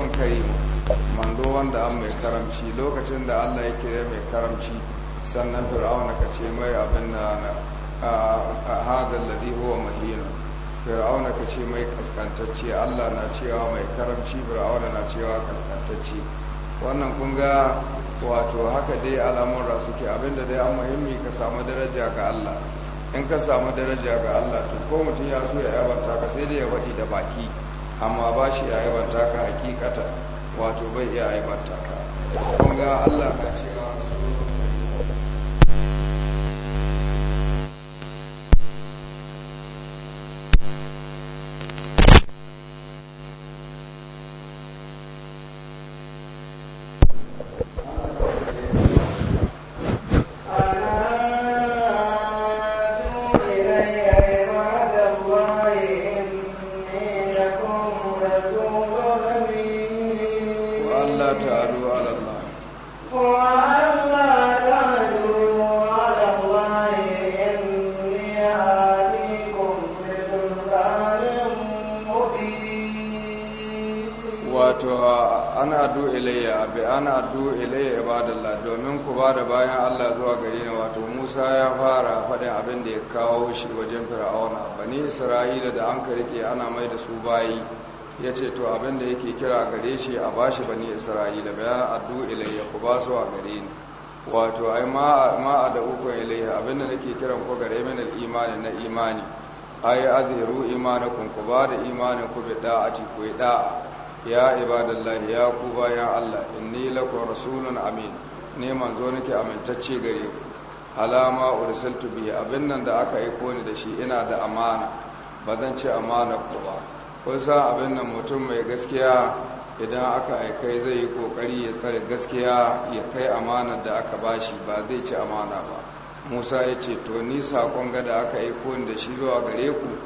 rasulun karimu mando wanda an mai karamci lokacin da Allah ya kira mai karamci sannan fir'auna ka ce mai abin na hadar ladhi huwa mahin fir'auna ka ce mai kaskantacce Allah na cewa mai karamci fir'auna na cewa kaskantacce wannan kun ga wato haka dai al'amura suke abinda dai an muhimmi ka samu daraja ga Allah in ka samu daraja ga Allah to ko mutum ya so ya yabanta ka sai dai ya faɗi da baki amma ba shi ya haifar ka hakikata wato bai iya haifar ka kun ga Allah na ce ya ce to abinda yake kira gare shi a bashi bani isra'ila bayan addu ilayya ku ba su a gare ni wato ai ma a da ukun ilayya abinda nake kiran ku gare min imani na imani ai azhiru imanakum ku ba da imanin ku bi da'ati ku yi da'a ya ibadallahi ya ku bayan Allah inni lakum rasulun amin ne manzo nake amintacce gare ku alama ursiltu bi abin nan da aka aiko ni da shi ina da amana ba zan ce amana ku ba kusa abin nan mutum mai gaskiya idan aka aikai zai yi kokari ya tsare gaskiya ya kai amanar da aka bashi ba zai ci amana ba musa ya ce to ni saƙon gada aka aiko da shi zuwa gare ku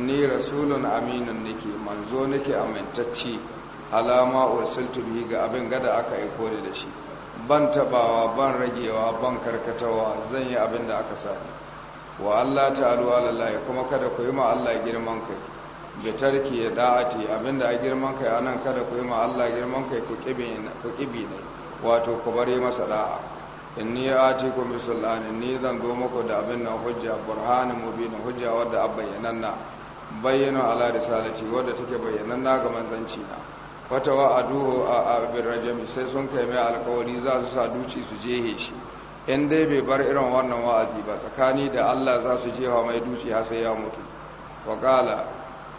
ni rasulun aminin nake manzo nake amintacce alama ursultu bi ga abin gada aka aiko ni da shi ban tabawa ban ragewa ban karkatawa zan yi abin da aka sa wa Allah ta'ala alallahi kuma kada ku yi ma Allah girman kai bi tarki ya da'ati abinda a girman kai anan kada ku yi ma Allah girman kai ku kibi ne wato ku bari masa da'a inni atikum bi sulani ni zan zo muku da abin nan hujja burhanin mubin hujja wadda abbayyananna bayyana ala risalati wadda take bayyananna ga manzanci na wata wa'aduhu a abin rajami sai sun kai mai alkawari za su sa duci su jehe shi in dai bai bar irin wannan wa'azi ba tsakani da Allah za su jehe mai duci har sai ya mutu wa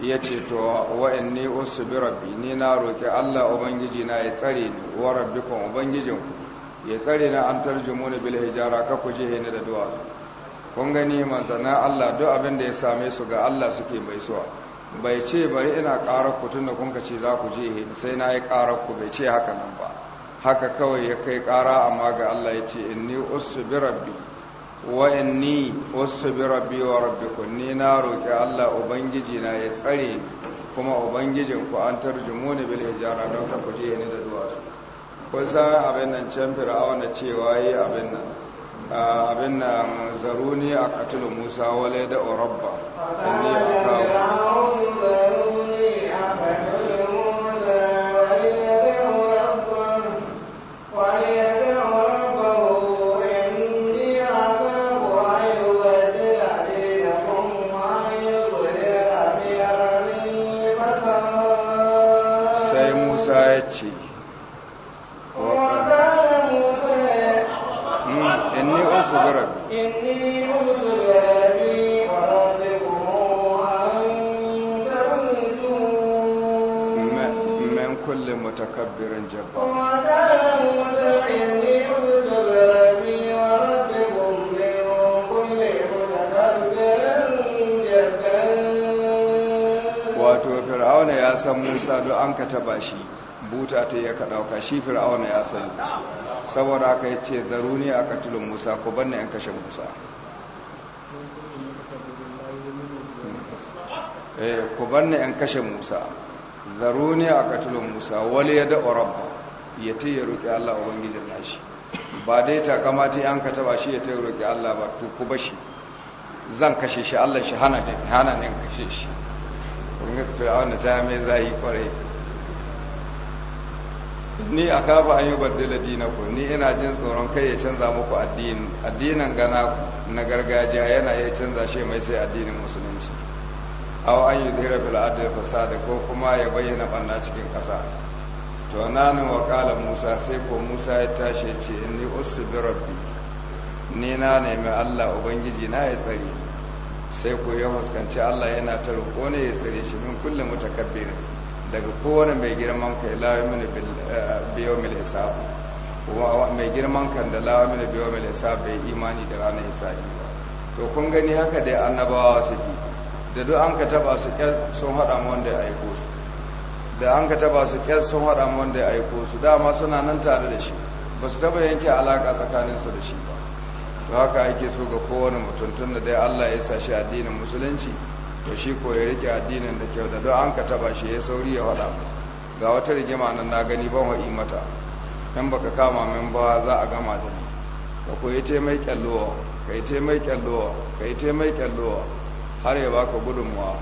ya ce to wa inni usubi rabbi ni na roki Allah ubangiji na ya tsare ni wa rabbikum ubangijin ya tsare na an tarjumu ni bil hijara ka ku jihe ni da duwatsu kun gani na Allah duk abin da ya same su ga Allah suke mai suwa bai ce bari ina ƙarar ku tunda kun ka ce za ku jihe sai na yi ƙarar ku bai ce haka nan ba haka kawai ya kai ƙara amma ga Allah ya ce inni usubi rabbi wa’anni wasu bi rabbi wa rabbi ni na roƙi Allah ubangiji na ya tsare kuma ubangijin ku an tarjumu ni bil hijara don ka kuje ni da duwatsu kun san abin nan can fir'auna cewa yi abin nan abin nan zaruni a katil musa wale da rabba kawo. san musa do an ka taba shi buta ta ya ka shi fir'auna ya sani saboda ka ya ce zaruni a katulun musa ko banna yan kashe musa eh, ku banna yan kashe musa zaruni a katulun musa wali ya da rabba ya ta ya roƙi allah ubangijin nashi ba dai ta kamata yan ka taba shi ya ta ya roƙi allah ba ku bashi zan kashe shi allah shi hana ne kashe shi ga kwarai ni a kafa an yi baddala dinaku ni ina jin tsoron kai ya canza muku addinin addinin gana na gargajiya yana iya canza shi mai sai addinin musulunci aw an yi zira fil adil fasada ko kuma ya bayyana banna cikin kasa to nan wa qala musa sai ko musa ya tashi ce inni usbi rabbi ni na nemi Allah ubangiji na ya tsari. sai ku yi muskanci Allah yana ta roƙo ne ya tsare shi min kulle mutakabbir daga kowane mai girman kai mini biyo eh, mil hisab mai girman kan da lawamin biyo mil hisab bai imani da ranar hisabi to kun gani haka dai annabawa suke da duk an ka taba su kyar sun haɗa mu wanda ya aiko su da an ka taba su kyar sun haɗa mu wanda ya aiko su dama suna nan tare da shi ba su taba yanke alaƙa tsakaninsu da shi ba ba ka ake so ga kowane mutum tun da dai Allah ya sashi addinin musulunci to shi ko ya rike addinin da kyau da don an ka taba shi ya sauri ya wada ga wata rigima nan na gani ban wa'i mata in baka kama min ba za a gama da ni ka yi te mai kyallowa ka yi te mai kyallowa ka yi te mai kyallowa har ya baka gudunmuwa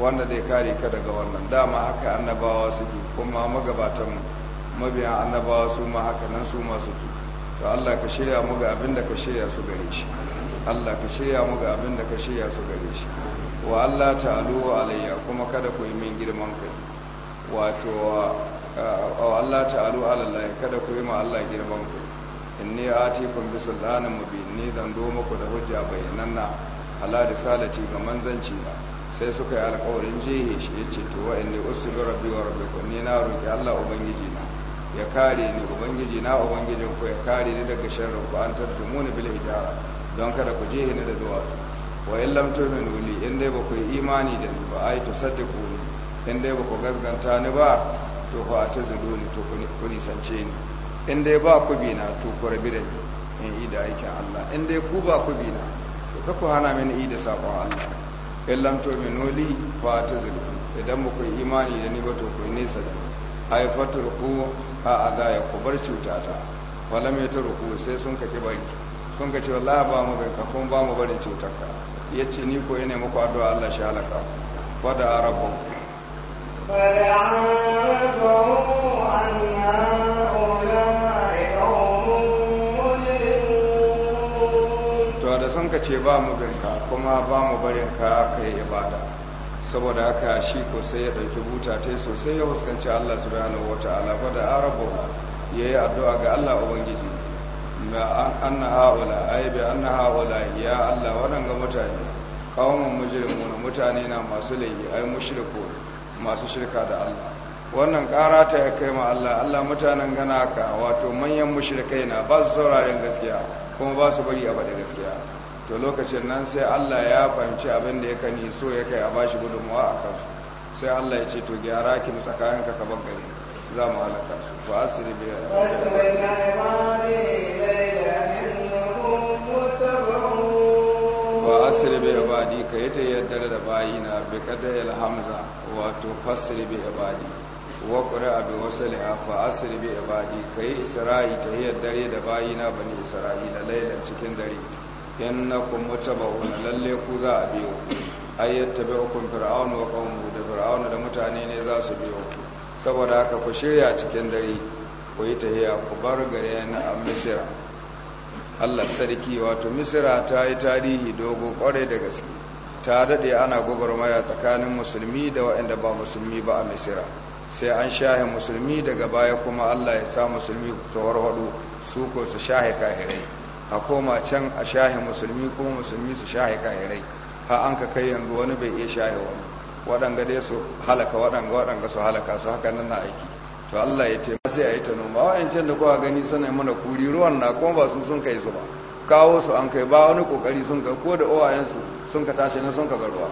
wanda zai kare ka daga wannan dama haka annabawa suke kuma magabatan mabiyan annabawa su ma haka nan su ma suke to Allah ka shirya mu ga abin da ka shirya su gare shi Allah ka shirya mu ga abin da ka shirya su gare shi wa Allah ta'alu alayya kuma kada ku yi min girman kai wato wa Allah ta'alu Allah kada ku yi ma Allah girman kai inni atikum bi sultanin mubin ni zan do muku da hujja bayananna ala risalati ga manzanci na sai suka yi alƙawarin jihe shi yace to wa inni usbiru rabbi wa rabbukum ni na roki Allah ubangiji na ya kare ni ubangiji na ubangijin ku ya kare ni daga sharrin ku an tattumu ni bil hijara don kada ku je ni da du'a wa in lam tu'minu li in dai ba ku yi imani da ni ba ai to saddiku ni in dai ba ku gaskanta ni ba to ku atazulu ni to ku sance ni in dai ba ku bi na to ku rabi da ni in yi da aikin Allah in dai ku ba ku bi na to ka ku hana mini yi da sakon Allah in lam tu'minu li fa atazulu idan ba ku yi imani da ni ba to ku nesa da ni haifatar ku a adaya ku bar cutata wala mai ruku sai sun ka bari sun ka ce wallahi ba mu ka kun ba mu barin cutarka yace ni ko ina muku addu'a Allah shi halaka wa da fada rabbu to da sun ka ce ba mu binka kuma ba mu bari ka kai ibada saboda haka shi ko sai ya ɗauki buta ta sosai ya fuskanci Allah subhanahu wa ta'ala fa da arabu ya yi addu'a ga Allah ubangiji na anna haula ai bi anna haula ya Allah waɗanga mutane kawon mujrimun mutane na masu laifi ai mushriku masu shirka da Allah wannan ƙara ta ya kai ma Allah Allah mutanen gana ka wato manyan mushrikai na ba su sauraren gaskiya kuma ba su bari a bada gaskiya to lokacin nan sai Allah ya fahimci abin da ya kani so ya kai a bashi gudunmawa a kansu sai Allah ya ce to gyara ki mu kayan ka kaban gari za mu halaka su fa asiri bi wa asiri bi ibadi ka yi ta yadda da bayina bi kadayil hamza wato fasiri bi baɗi. wa ƙuri'a bi wasaliha fa asiri bi ibadi kai isra'i ta hiyar dare da bayina bani isra'ila lailan cikin dare innakum mutaba'un lalle ku za a biyo ay yattabi'ukum fir'aun wa qawmuhu da fir'aun da mutane ne za su biyo saboda haka ku shirya cikin dare ku yi tahiya ku bar gare na misira Allah sarki wato misira ta yi tarihi dogo kware da gaske ta dade ana gwagwarmaya tsakanin musulmi da waɗanda ba musulmi ba a misira sai an shahe musulmi daga baya kuma Allah ya sa musulmi ta warwado su ko su shahe kahirai a koma can a shahe musulmi kuma musulmi su shahe kahirai ha an ka kai yanzu wani bai iya shahe wani waɗanga dai su halaka waɗanga waɗanga su halaka su haka nan na aiki to Allah ya taimaka sai a yi ta noma can da kowa gani suna mana kuri ruwan na kuma ba su sun kai su ba kawo su an kai ba wani kokari sun ka ko da owayensu sun ka tashi na sun ka garuwa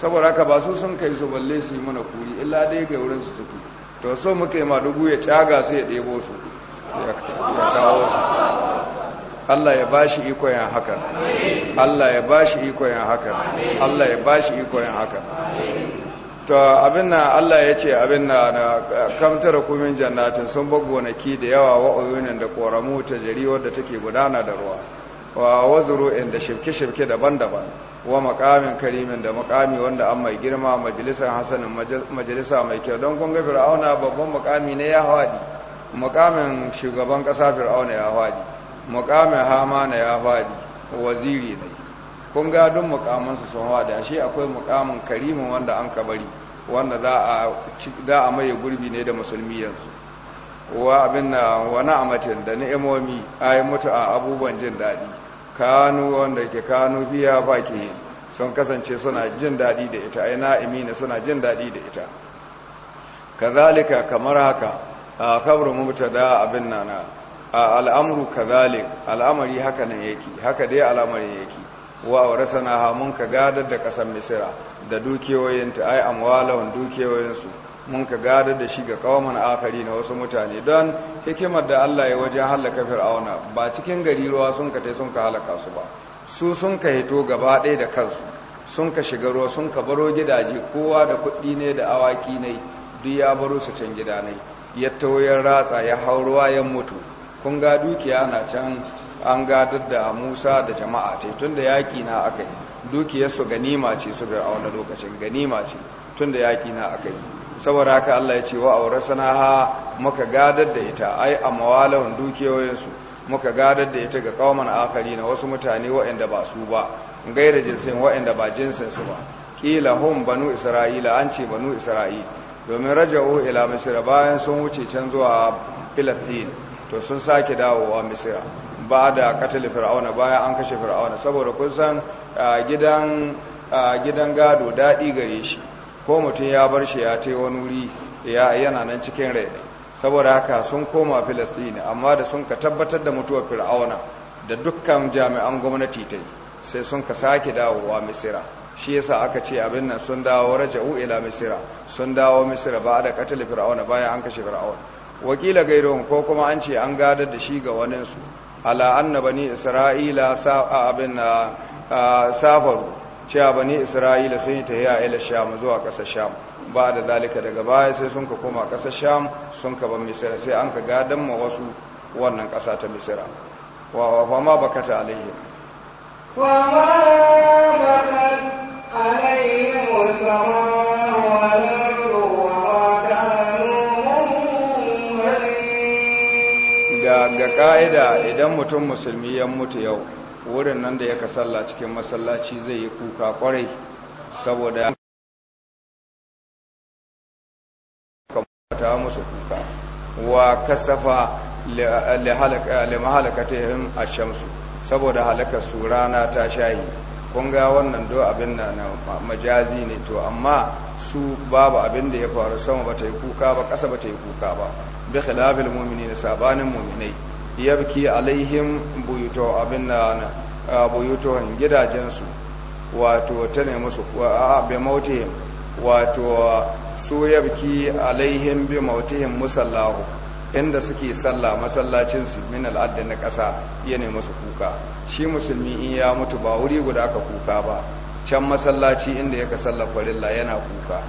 saboda haka ba su sun kai su balle su yi mana kuri illa dai ga wurin su suke to so muke ma dugu ya caga su ya ɗebo su ya kawo su Allah ya bashi iko yin haka Allah ya bashi iko yin haka Allah ya bashi iko yin haka to abin na Allah ya ce abin na na kamtara kumin jannatin sun bar gonaki da yawa wa oyunan da koramu ta jari wadda take gudana da ruwa wa wazuru da shirke-shirke daban-daban wa makamin karimin da makami wanda an mai girma majalisar hasanin majalisa mai kyau don kun ga fir'auna babban makami ne ya hawadi makamin shugaban ƙasa fir'auna ya hawadi mukamin hamana ya faɗi waziri ne kun ga duk mukamansu sun faɗi ashe akwai mukamin karimin wanda an kabari wanda za a maye gurbi ne da musulmi yanzu wa abin na wani amatin da ni'imomi a yi mutu a abubuwan jin daɗi kanu wanda ke kanu biya ba sun kasance suna jin daɗi da ita ai na'imi ne suna jin daɗi da ita kazalika kamar haka a kabar mubtada abin na. al'amru kazalik al'amari haka nan yake haka dai al'amari yake wa na mun ka gadar da ƙasar misira da dukiyoyinta ai amwalahun dukiyoyinsu mun ka gadar da shi ga kawaman akari na wasu mutane don hikimar da Allah ya wajen halaka fir'auna ba cikin gari ruwa sun ka tai sun ka halaka su ba su sun ka hito gaba ɗaya da kansu sun ka shiga ruwa sun ka baro gidaje kowa da kuɗi ne da awaki ne duk ya baro su can gida ne ya ratsa ya hau ruwa ya mutu kun ga dukiya na can an gadar da musa da jama'a ce tun da yaƙi na aka yi dukiyarsu ganima ce su wani lokacin ganima ce tun da yaƙi na aka yi saboda haka allah ya ce wa aure sanaha muka gadar da ita ai a mawalahun dukiyoyinsu muka gadar da ita ga kawaman akari na wasu mutane wa'inda ba su ba gaira jinsin waɗanda ba jinsinsu ba kila hun banu isra'ila an ce banu isra'ila domin raja'u ila misira bayan sun wuce can zuwa filastin to sun sake dawowa misira ba da katali fir'auna baya an kashe fir'auna saboda kusan san gidan gado daɗi gare shi ko mutum ya bar shi ya tai wani wuri yana nan cikin rai saboda haka sun koma filistini amma da sun ka tabbatar da mutuwar fir'auna da dukkan jami'an gwamnati ta yi sai sun ka sake dawowa misira shi yasa aka ce abin nan sun dawo raja'u ila misira sun dawo misira ba da katali fir'auna bayan an kashe fir'auna wakila gairun ko kuma an ce an gadar da shi ga waninsu ala anna bani isra'ila abin safaru cewa bani isra'ila sun yi tahiya ila sham zuwa ƙasar sham ba da zalika daga baya sai sun ka koma ƙasar sham sun ka ban misira sai an ka gadon ma wasu wannan ƙasa ta misira wa wa ma bakata alaihi wa ma bakat alaihi musamman ka'ida idan mutum musulmi ya mutu yau wurin nan da ya ka salla cikin masallaci zai yi kuka kwarai saboda ta musu kuka wa kasafa a shamsu saboda halakar su rana ta shayi kun ga wannan do abin da na majazi ne to amma su babu abin da ya faru sama ba ta yi kuka ba ƙasa ba ta yi kuka ba bi khilafil na sabanin mu'minai yabki alaihim buyuto abin na buyutohin gidajensu wato ta ne musu a bi wato su yabki alaihim bi mautihim musallahu inda suke sallah masallacinsu min al'adda na ƙasa ya ne musu kuka shi musulmi in ya mutu ba wuri guda ka kuka ba can masallaci inda ya ka sallar farilla yana kuka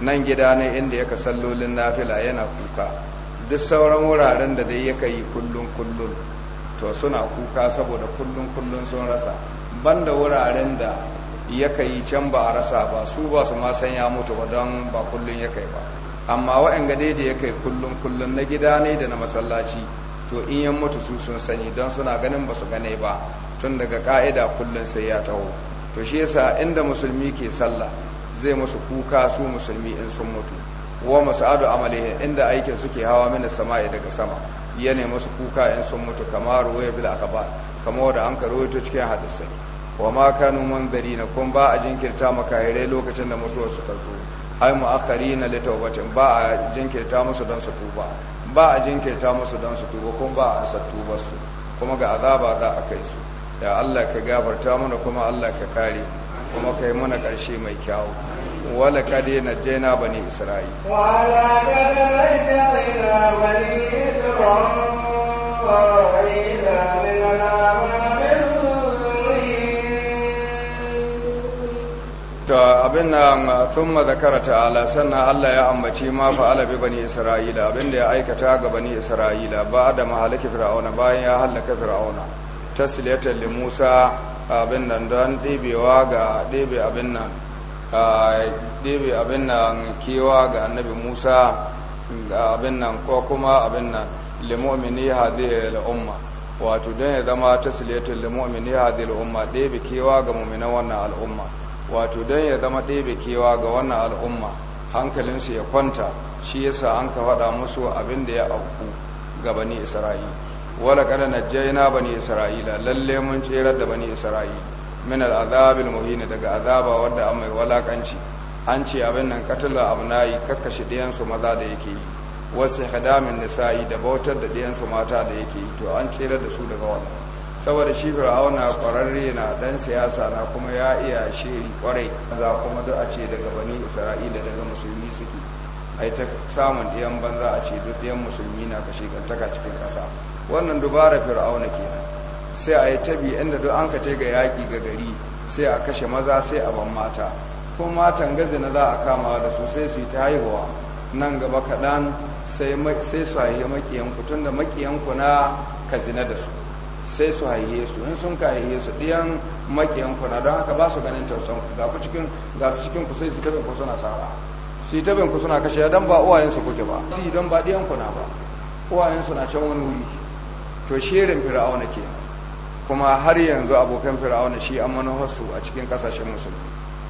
nan gida ne inda ya ka sallolin nafila yana kuka duk sauran wuraren da dai yaka yi kullun kullun to suna kuka saboda kullun kullun sun rasa banda wuraren da yaka yi can ba a rasa ba su ba su ma san ya mutu ba don ba kullun yaka yi ba amma wa'anga dai da yaka yi kullun kullun na gida ne da na masallaci to in yan mutu su sun sani don suna ganin ba su gane ba tun daga ka'ida kullun sai ya taho to shi yasa inda musulmi ke sallah zai musu kuka su musulmi in sun mutu wa Masuadu amalihi inda aikin suke hawa mini sama'i daga sama ya ne masu kuka in sun mutu kamar ruwa bil akhbar kamar wadda an karoto cikin hadisai wa ma kanu na, kun ba a jinkirta makahirai lokacin da mutuwar su ta ai mu'akharina na tawbatin ba a jinkirta musu don su tuba ba a jinkirta musu don su tuba kun ba a sattu ba su kuma ga azaba za a kai su ya Allah ka gafarta mana kuma Allah ka kare mu kuma kai mana ƙarshe mai kyau. wala kade na jaina bani isra'i wala kade na jaina bani isra'i ta abin na sun zakara ta'ala sannan Allah ya ambaci ma fa'ala bi bani isra'ila abin da ya aikata ga bani isra'ila ba da mahalaki fir'auna bayan ya halaka fir'auna tasliyatan li Musa abin nan don ɗebewa ga ɗebe abin nan ɗebe abin nan kewa ga annabi musa ga abin nan ko kuma abin nan limomini hadiyar al'umma wato don ya zama tasiletin limomini hadiyar al'umma ɗebe kewa ga muminan wannan al'umma wato don ya zama ɗebe kewa ga wannan al'umma hankalinsu ya kwanta shi yasa an ka faɗa musu abin da ya auku ga bani isra'ila wala kada najjayna bani isra'ila lalle mun tserar da bani isra'ila min al'azabil muhin daga azaba wanda an mai walakanci an ce abin nan katala abnai kakkashe ɗayan su maza da yake yi wasu hadamin nisa'i da bautar da ɗayan mata da yake yi to an tserar da su daga wannan saboda shi fir'auna kwararre na dan siyasa na kuma ya iya shiri kwarai za kuma duk a ce daga bani isra'ila daga musulmi suke ai ta samun ɗiyan banza a ce duk ɗiyan musulmi na ka shekantaka cikin ƙasa wannan dubara fir'auna kenan sai a yi tabi inda duk an kace ga yaƙi ga gari sai a kashe maza sai a ban mata ko matan gazi na za a kama da su sai su yi ta haihuwa nan gaba kaɗan sai su haihe maƙiyanku tun da maƙiyanku na ka zina da su sai su haihe su in sun ka haihe su ɗiyan maƙiyanku na don haka ba su ganin tausanku ga su cikin ku sai su tabi ku suna sara su yi ta binku suna kashe don ba uwayensu kuke ba su yi don ba ɗiyanku na ba uwayensu na can wani wuri to shirin fir'auna ke kuma har yanzu abokan fir'auna shi an manuharsu a cikin ƙasashen musulmi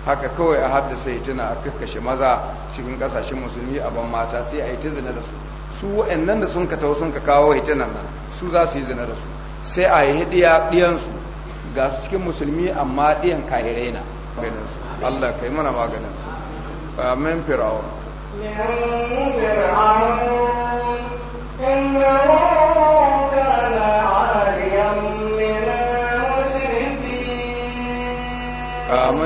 haka kawai a haddasa ya tuna a kakkashe maza cikin ƙasashen musulmi a ban mata sai a yi ta zina da su su wa'annan da sun ka tau sun ka kawo hitinan nan su za su yi zina da su sai a yi hidiya ɗiyansu ga su cikin musulmi amma ɗiyan kahirai na maganinsu Allah kai mana maganinsu من فرعون من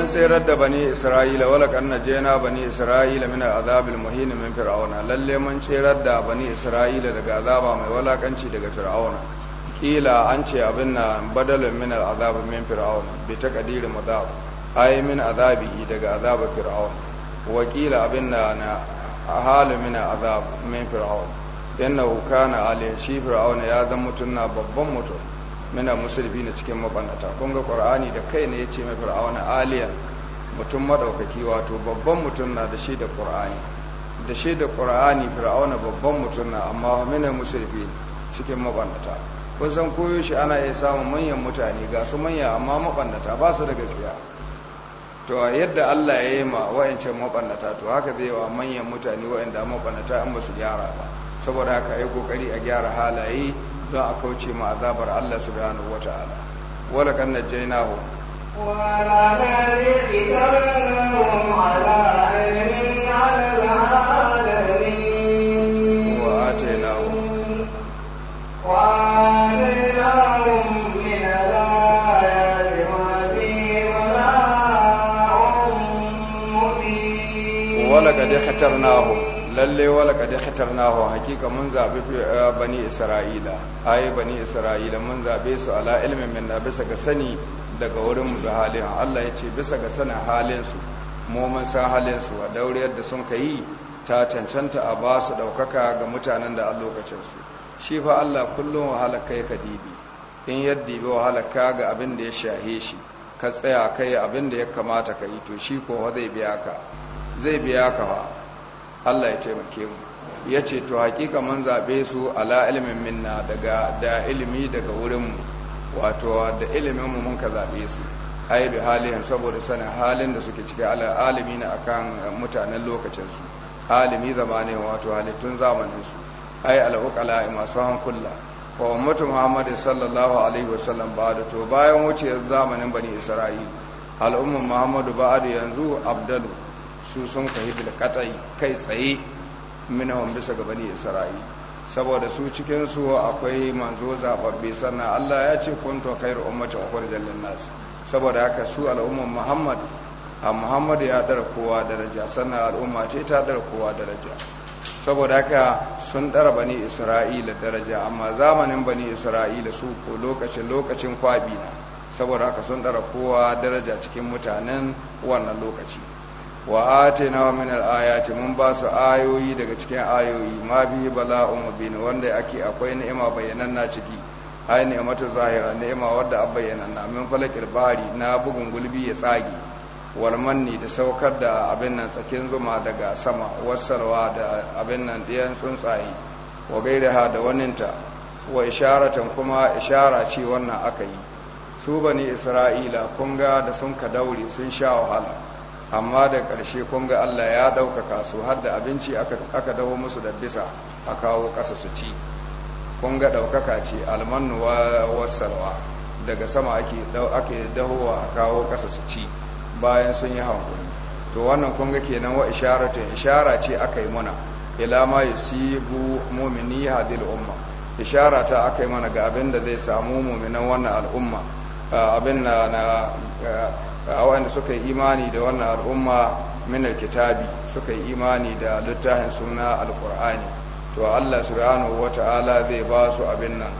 tsirar da bani isra'ila wala kan na jena bani isra'ila min azab al fir'auna lallai man tsirar da bani isra'ila daga azaba mai walakanci daga fir'auna kila an ce abin na badalin min al azab min fir'auna bi taqdir mudab ay min azabi daga azab fir'auna wakila abin da na halu min azab min fir'aun innahu kana aliyan shi fir'auna ya zan mutum na babban mutum mina musulmi na cikin mabannata kun ga qur'ani da kai ne yace mai fir'auna aliyan mutum madaukaki wato babban mutum na da shi da qur'ani da shi da qur'ani fir'auna babban mutum na amma mina musulmi cikin mabannata kun san koyo shi ana iya samun manyan mutane ga su manya amma mabannata ba su da gaskiya to yadda Allah ya yi ma wayancan mabannata to haka zai wa manyan mutane wayanda mabannata an ba su gyara ba saboda haka yi kokari a gyara halaye don a kauce ma azabar Allah subhanahu wataala wala kan najainahu wa la nahdi ala lallai khatarnahu lalle walaqad khatarnahu hakika mun zabe eh, bani isra'ila ai bani isra'ila mun zabe su ala ilmin min bisa ga sani daga wurin mu da halin Allah ya bisa ga sanin halin su mu mun san halin su a dauriyar da sun kai ta cancanta a ba su daukaka ga mutanen da a lokacin su shi fa Allah kullum wahala kai ka dibi in yadda bi wahala ka ga abin da ya shahe shi ka tsaya kai abin da ya kamata ka yi to shi ko zai biya ka zai biya ka ba Allah ya taimake mu ya ce to hakika mun zaɓe su ala ilimin minna daga da ilimi daga wurinmu wato da iliminmu mun ka zaɓe su ai bi halin saboda sanin halin da suke ciki ala alimi na akan mutanen lokacinsu alimi zamanin wato halittun zamaninsu ai al'uƙala masu hankula wa ummatu muhammad sallallahu alaihi wasallam ba da to bayan wuce zamanin bani isra'ila al'ummar muhammadu ba'adu yanzu abdalu su sun kai bilkatai kai tsaye minahum bisa ga bani isra'ila saboda su cikin su akwai manzo zababbe sannan Allah ya ce kuntu khairu wa ukhrijat lin-nas saboda haka su al'ummar Muhammad a Muhammad ya dar kowa daraja sannan al'umma ce ta dar kowa daraja saboda haka sun dar bani Isra'ila daraja amma zamanin bani Isra'ila su ko lokacin lokacin kwabi na saboda haka sun dara kowa daraja cikin mutanen wannan lokaci wa atina min al-ayati mun ba su ayoyi daga cikin ayoyi ma bi bala'un mubin wanda ake akwai ni'ima na ciki ai ni'matu zahira ni'ima wadda na min falakir bari na bugun gulbi ya tsage walmanni da saukar da abin nan tsakin zuma daga sama wasalwa da abin nan ɗiyan tsuntsaye wa gairaha da waninta wa isharatan kuma ishara ce wannan aka yi su bani isra'ila kunga da sun ka daure sun sha wahala amma da ƙarshe kun ga Allah ya ɗaukaka su har da abinci aka dawo musu da bisa a kawo ƙasa su ci kun ga ɗaukaka ce almanu wasarwa daga sama ake dahowa a kawo ƙasa su ci bayan sun yi hankuli to wannan kun ga kenan wa isharatun ishara ce aka yi mana ila ma yusibu mu'mini hadil umma ishara ta aka yi mana ga abin da zai samu mu'minan wannan al'umma ah, abin na ah, wanda suka yi imani da wannan al'umma min al-kitabi suka yi imani da littafin suna alkur'ani to Allah subhanahu wata'ala zai ba su abin nan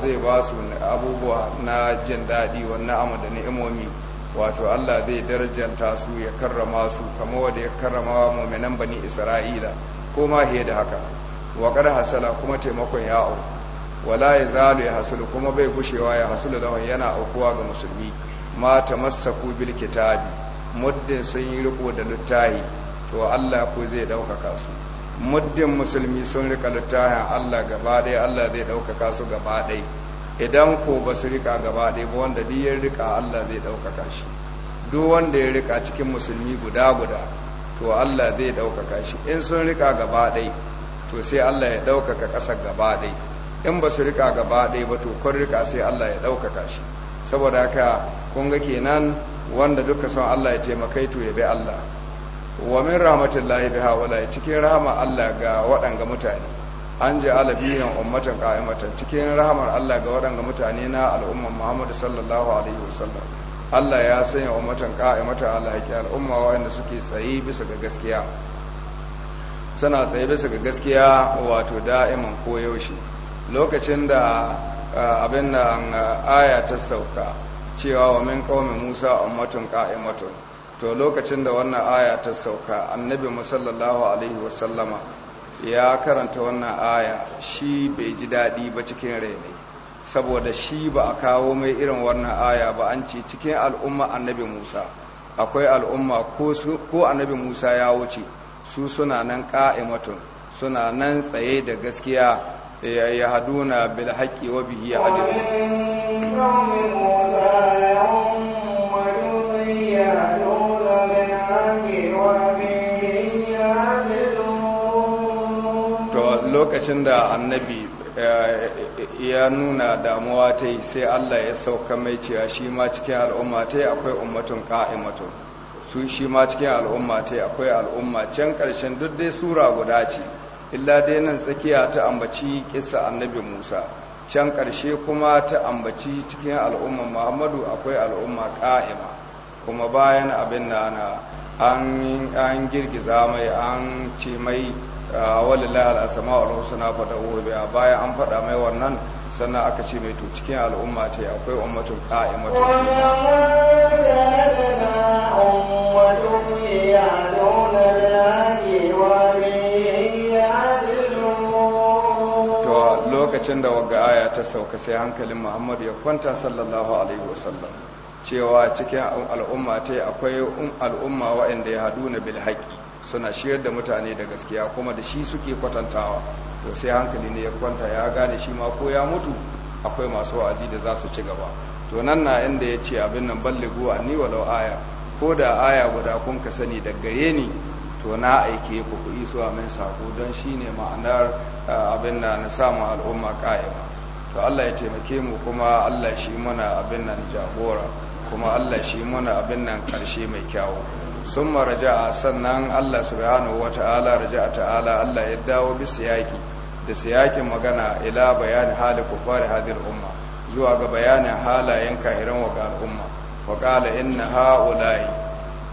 zai ba su abubuwa na jin daɗi wa na'ama da ni'imomi wato Allah zai darjanta su ya karrama su kamar wanda ya karrama mu'minan bani Isra'ila ko ma he da haka wa hasala kuma taimakon ya au wala yazalu ya hasulu kuma bai gushewa ya hasulu da yana aukuwa ga musulmi ma masaku bil kitabi muddin sun yi riko da littahi to Allah ko zai ɗaukaka su muddin musulmi sun rika littahi Allah gaba ɗaya Allah zai ɗaukaka su gaba ɗaya idan ko ba su rika gaba ɗaya ba wanda duk ya rika Allah zai ɗaukaka shi duk wanda ya rika cikin musulmi guda guda to Allah zai ɗaukaka shi in sun rika gaba ɗaya to sai Allah ya ɗaukaka ƙasar gaba ɗaya in ba su rika gaba ɗaya ba to kun rika sai Allah ya ɗaukaka shi saboda haka kun ga kenan wanda duka son Allah ya taimakai to ya bi Allah wa min rahmatillahi bi haula cikin rahama Allah ga waɗanga mutane an ji alabihin ummatan qa'imatan cikin rahamar Allah ga waɗanga mutane na al'umman Muhammad sallallahu alaihi wasallam Allah ya sanya ummatan qa'imatan Allah haƙi al'umma waɗanda suke tsaye bisa ga gaskiya suna tsaye bisa ga gaskiya wato da'iman koyaushe lokacin da abin nan aya ta sauka cewa wa min qaumi musa ummatun qa'imatun to lokacin da wannan aya ta sauka annabi musallallahu alaihi wasallama ya karanta wannan aya shi bai ji daɗi ba cikin rai saboda shi ba a kawo mai irin wannan aya ba an ce cikin al'umma annabi musa akwai al'umma ko annabi musa ya wuce su suna nan matun suna nan tsaye da gaskiya يهدون بالحق وبه wa to lokacin da annabi eh, ya nuna damuwa ta yi sai Allah ya sauka mai cewa shi ma cikin al'umma ta yi akwai ummatun ka'imatu su shi ma cikin al'umma ta yi akwai al'umma can ƙarshen duk dai sura guda ce illa dai nan tsakiya ta ambaci kisa annabi musa can karshe kuma ta ambaci cikin al'umman muhammadu akwai al'umma ƙa'ima kuma bayan abin da na an girgiza mai an ce mai walilai al'asama wa rahusuna faɗa biya bayan an faɗa mai wannan sannan aka ce mai to cikin al'umma ce akwai ummatun ta lokacin da wagga aya ta sauka sai hankalin muhammadu ya kwanta sallallahu alaihi wasallam cewa cikin al'umma ta akwai um, al'umma waɗanda ya hadu na bilhaƙi suna shirya da mutane da gaskiya kuma da shi suke kwatantawa to sai hankali ne ya kwanta ya gane shi ma ko ya mutu akwai masu wa'azi da za su ci gaba to nan na inda ya ce abin nan balligu anni walau aya ko da aya guda kun ka sani da gare ni to na aike ku ku iso a min sako don shi ne ma'anar abin da na samu al'umma ƙa'ima to Allah ya taimake mu kuma Allah shi muna abin nan jagora kuma Allah shi muna abin nan ƙarshe mai kyawu sun maraja sannan Allah subhanahu wa ta'ala raja ta'ala Allah ya dawo bi siyaki da siyakin magana ila bayanin hali kufari hadir umma zuwa ga bayanin halayen kahiran wa ga al'umma wa na inna ha'ula'i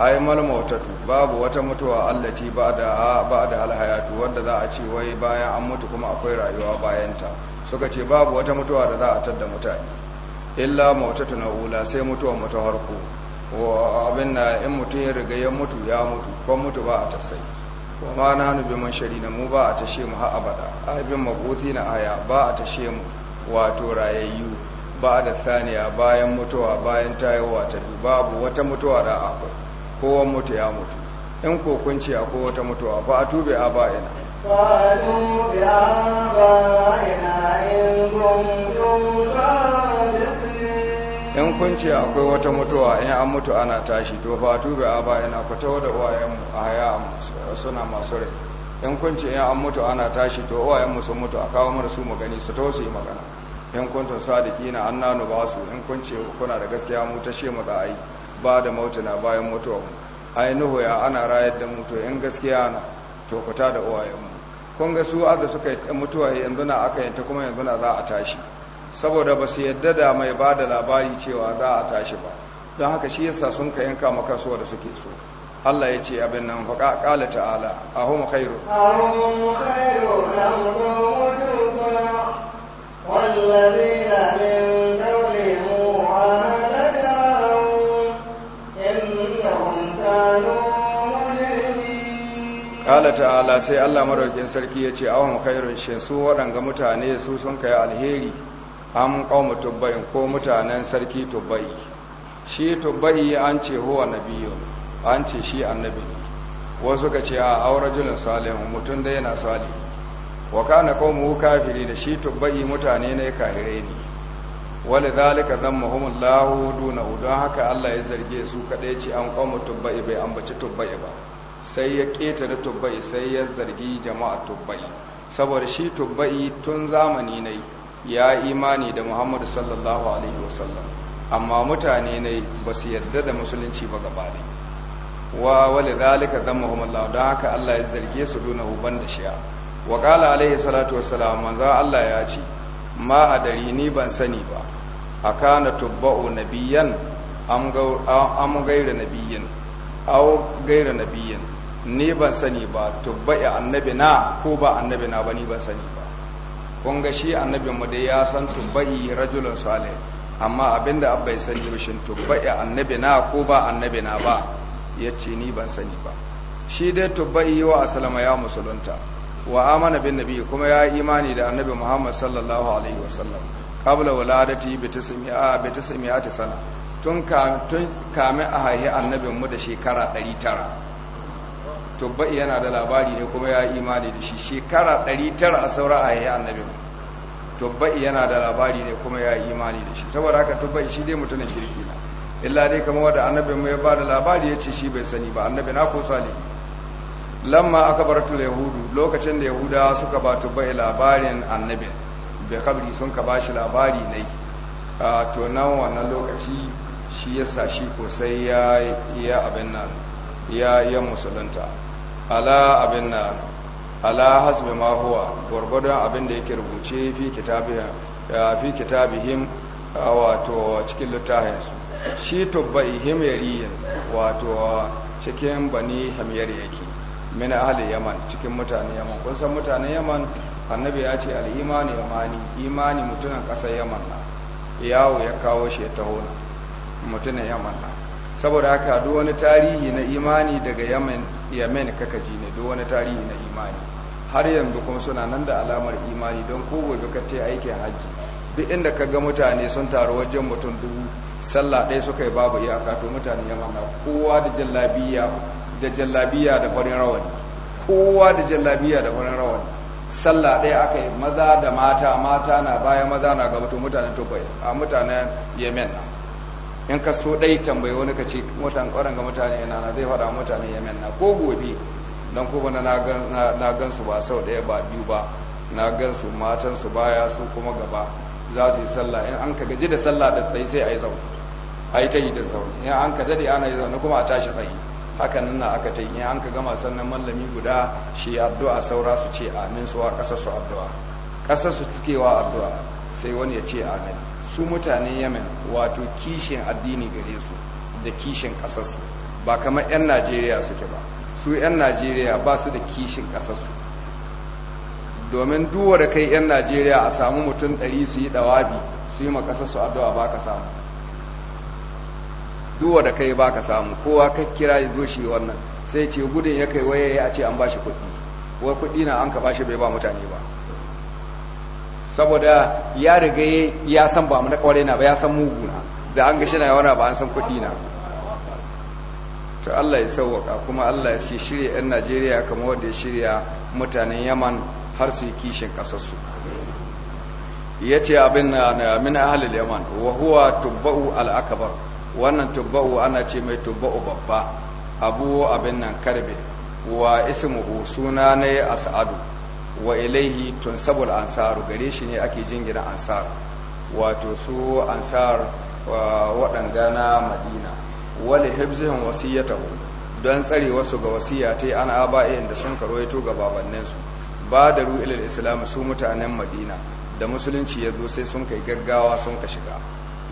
ai malmautatu babu wata mutuwa allati ba'da ba da alhayatu wanda za a ce wai bayan an mutu kuma akwai rayuwa bayan ta suka ce babu wata mutuwa da za a tadda mutane illa mautatu na ula sai mutuwa mata harko wa abin na in mutum ya riga ya mutu ya mutu ko mutu ba a tasai wa ma na hannu biman shari na mu ba a tashe mu har abada abin mabuti na aya ba a tashe mu wato rayayyu ba da saniya bayan mutuwa bayan tayowa ta babu wata mutuwa da akwai kowa mutu ya mutu in ko kun ce akwai wata mutuwa ba a tube a ba'ina mutuwa, in an mutu ana tashi, to أقوى a إن أموت أنا تاشي wada بآبائنا فتوا a haya suna masu rai, in kun ce in an mutu ana tashi to uwayenmu sun mutu a kawo mana su magani su to yi magana in kun tun sadiki na an nanu ba su in kun ce kuna da gaskiya mu tashe mu za a yi ba da mautuna bayan mutuwa ainihu ya ana rayar da mutu in gaskiya na to kuta da uwayenmu kun ga su aka suka yi mutuwa yanzu na aka yanta kuma yanzu na za a tashi saboda ba su yadda da mai ba da labari cewa za a tashi ba don haka shi yasa sun ka yanka maka su da suke so Allah ya ce abin nan faƙa ƙala ta'ala a hum khairu kala ta'ala sai Allah maraukin sarki ya ce awon khairun shi su waɗanga mutane su sun kai alheri an ƙauma tubba'in ko mutanen sarki tubba'i shi tubba'i an ce huwa nabiyo an ce shi annabi wasu ka ce a Julin salihu mutum da yana sali wa kana qaumu kafiri da shi tubba'i mutane ne kafirai ne wala zalika zammahum Allah duna don haka Allah ya zarge su kadai ce an ƙauma tubba'i bai ambaci tubba'i ba sai ya ƙetare tubba'i sai ya zargi jama'a tubba'i saboda shi tubba'i tun zamani ne ya imani da muhammadu sallallahu alaihi wasallam amma mutane ne ba su yarda da musulunci ba gaba ne wa wale zalika zan muhammadu don haka allah ya zarge su duna uban da shiya wa kala alaihi salatu wasalam manzan allah ya ce ma a dari ni ban sani ba a kana tubba'u nabiyan am gaira nabiyan au gaira nabiyan ni ban sani ba tubba'i annabi na ko ba annabi na ba ni ban sani ba kun ga shi annabinmu da ya san tubba'i rajulun salih amma abinda abba ya sani ba shin tubba'i annabi na ko ba annabi na ba ya ce ni ban sani ba shi dai tubba'i wa asalama ya musulunta wa amana bin nabi kuma ya imani da annabi muhammad sallallahu alaihi wasallam qabla wuladati bi tasmi'a bi tasmi'ati sana tun ka tun kame a haihi annabinmu da shekara 900 tobba'i yana da labari ne kuma ya imani da shi shekara 900 a saura a yayi annabi tobba'i yana da labari ne kuma ya imani da shi saboda haka tobba'i shi dai mutumin kirki na illa dai kamar wanda annabi mu ya bada labari yace shi bai sani ba annabi na ko sani lamma akbaratul yahudu lokacin da yahuda suka ba tobba'i labarin annabi bai kabri sun ka bashi labari ne a to nan wannan lokaci shi yasa shi ko sai ya ya abin nan ya ya musulunta ala abin na ala hasbe ma huwa gwargwadon abin da yake rubuce fi kitabihim wato cikin littafinsu shi tubba'i himyariyin wato cikin bani hamiyar yake mina ahli yaman cikin mutane yaman kun san mutanen yaman annabi ya ce al'imani yamani imani mutunan ƙasar yaman na yawo ya kawo shi ya taho na mutunan yaman na saboda haka duk wani tarihi na imani daga yamen yamen kaka ji ne duk wani tarihi na imani har yanzu kuma suna nan da alamar imani don ko gobe ka ta aikin hajji duk inda ka ga mutane sun taru wajen mutum dubu sallah ɗaya suka yi babu iyaka to mutane yaman na kowa da jallabiya da jallabiya da farin rawani kowa da jallabiya da farin rawani sallah ɗaya aka yi maza da mata mata na baya maza na gaba to bai a mutanen yamen. na in ka so ɗai tambayi wani ka ce mutan ƙwaron ga mutane yana na zai faɗa mutane yamen na ko gobe don ko bana na gan su ba sau ɗaya ba biyu ba na gan su matan su baya su kuma gaba za su yi sallah in an ka gaji da sallah da tsayi sai a yi zaune a yi ta yi da zaune in an ka daɗe ana yi zaune kuma a tashi tsayi hakan nan na aka ta yi in an ka gama sannan mallami guda shi addu'a saura su ce amin su wa ƙasar su addu'a ƙasar su cikewa addu'a sai wani ya ce amin su mutanen yemen wato kishin addini gare su da kishin kasarsu ba kamar 'yan najeriya suke ba su 'yan najeriya ba su da kishin kasarsu domin duwa da kai 'yan najeriya a samu mutum ɗari su yi dawabi su yi makasarsu addu'a ba ka samu duwa da kai ba ka samu kowa ka kira ya zo shi wannan sai ce gudun ya kai waye ya ce an ba shi kuɗi wai kuɗi na an ka ba shi bai ba mutane ba saboda ya riga ya san ba mu na kware na ba ya san mugu na da an gashi na yawana ba an san kuɗi na to Allah ya sauwaka kuma Allah ya ke shirya 'yan Najeriya kamar wanda ya shirya mutanen Yaman har su yi kishin kasarsu ya ce abin na min ahalil Yaman wa huwa tubba'u al-akbar wannan tubba'u ana ce mai tubba'u babba abu abin nan karbe wa ismuhu suna as'adu wa ilaihi sabon ansaru gare shi ne ake jingina ansar wato su ansar waɗanda na madina wali wasiyyata hu don tsare wasu ga wasiya ta an aba'in da sun karoyato ga babanninsu ba da ru'ilil islam su mutanen madina da musulunci ya zo sai sun kai gaggawa sun ka shiga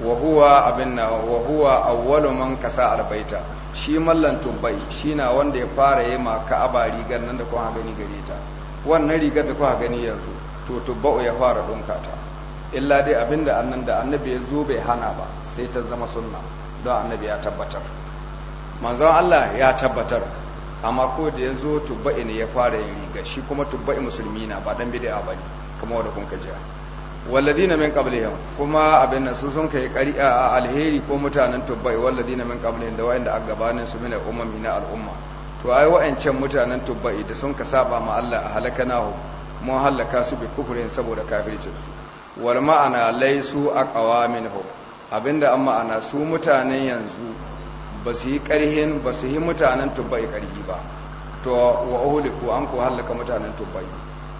wahuwa abin na wahuwa awwalu kasa albaita shi mallan tubai shi na wanda ya fara yi ma ka'aba rigar nan da kuma gani gare ta wannan rigar da kuka gani yanzu to tubba'u ya fara dunka ta illa dai abinda annan da annabi ya zo bai hana ba sai ta zama sunna don annabi ya tabbatar manzon Allah ya tabbatar amma ko da ya zo tubba'i ne ya fara yin riga shi kuma tubba'i musulmi na ba dan bid'a ba ne kuma wanda kun kaje walladina min qablihim kuma abin nan su sun kai a alheri ko mutanen tubba'i walladina min qablihim da wa'anda a gabanin su mina ummi na al'umma to ai wa'ancan mutanen tubba'i da sun ka saba ma Allah a halakanahu mun halaka su bi kufurin saboda kafircin su wal ma'ana laysu aqwaminhu abinda an ma'ana su mutanen yanzu ba su yi karhin ba su yi mutanen tubba'i karhi ba to wa uhliku an ko halaka mutanen tubba'i